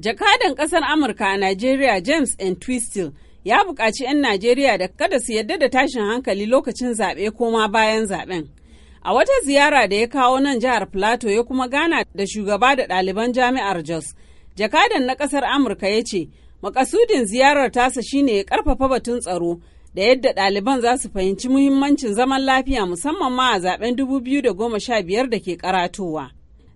Jakadan ƙasar Amurka a Najeriya James N. Twistle ya buƙaci 'yan Najeriya da kada su yadda da tashin hankali lokacin zaɓe ko ma bayan zaɓen. A wata ziyara da ya kawo nan jihar Plateau ya kuma gana da shugaba da ɗaliban jami'ar Jos. Jakadan na ƙasar Amurka ya ce, makasudin ziyarar tasa shine ya ƙarfafa batun tsaro da yadda ɗaliban za su fahimci muhimmancin zaman lafiya musamman ma a zaɓen 2015 da ke karatowa.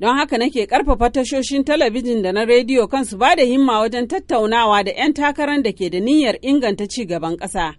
Don haka nake karfafa tashoshin talabijin da na rediyo kan su ba da himma wajen tattaunawa da 'yan takarar da ke da niyyar inganta ci gaban ƙasa.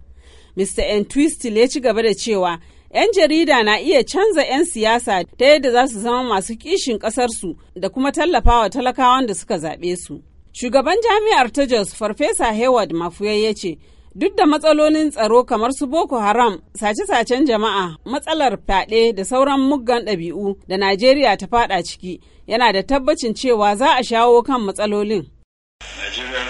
Mr. Twistle ya ci gaba da cewa 'yan jarida na iya canza 'yan siyasa ta yadda za su zama masu kishin ƙasarsu da kuma tallafawa talakawan da suka zaɓe su. Shugaban jami'ar ta Jos Farfesa Hayward Mafuya ya ce, Duk da matsalolin tsaro kamar su Boko Haram, sace-sacen jama'a, matsalar fyaɗe da sauran muggan ɗabi'u da Najeriya ta faɗa ciki, yana da tabbacin cewa za a shawo kan matsalolin. Nigeria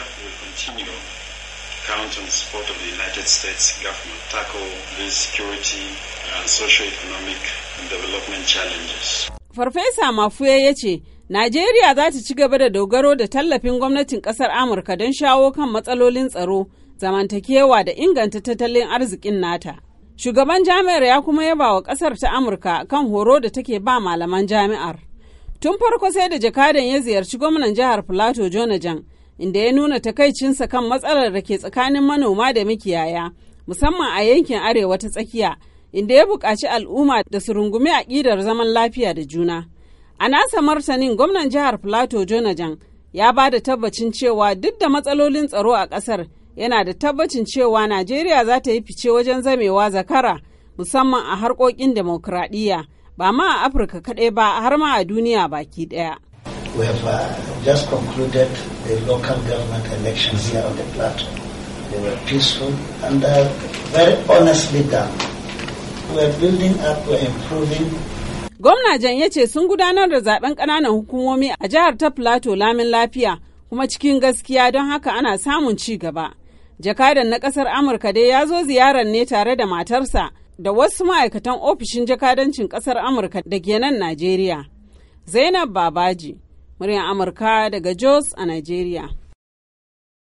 Farfesa Mafuye ya ce, Najeriya za ta ci gaba da dogaro da tallafin gwamnatin kasar Amurka don shawo kan matsalolin tsaro zamantakewa da inganta tattalin arzikin nata. Shugaban jami'ar ya kuma yaba wa ƙasar ta Amurka kan horo da take ba malaman jami'ar. Tun farko sai da jakadan ya ziyarci gwamnan jihar Filato Jonajan, inda ya nuna takaicinsa kan matsalar da ke tsakanin manoma da makiyaya, musamman a yankin arewa ta tsakiya, inda ya buƙaci al'umma da su rungumi aƙidar zaman lafiya da juna. A nasa martanin gwamnan jihar Filato Jonajan ya ba da tabbacin cewa duk da matsalolin tsaro a ƙasar, yana da tabbacin cewa najeriya za ta yi fice wajen zamewa zakara musamman a harkokin demokradiyya ba ma a afirka kaɗai ba har ma a duniya baki ɗaya. we have uh, gwamna jan ya ce sun gudanar da zaben ƙananan hukumomi a jihar ta plateau lamin lafiya kuma cikin gaskiya don haka ana samun ci gaba Jakadan na ƙasar Amurka dai ya zo ziyarar ne tare da matarsa da wasu ma'aikatan ofishin jakadancin ƙasar Amurka da ke nan Najeriya. Zainab Babaji, muryar Amurka daga Jos a Najeriya.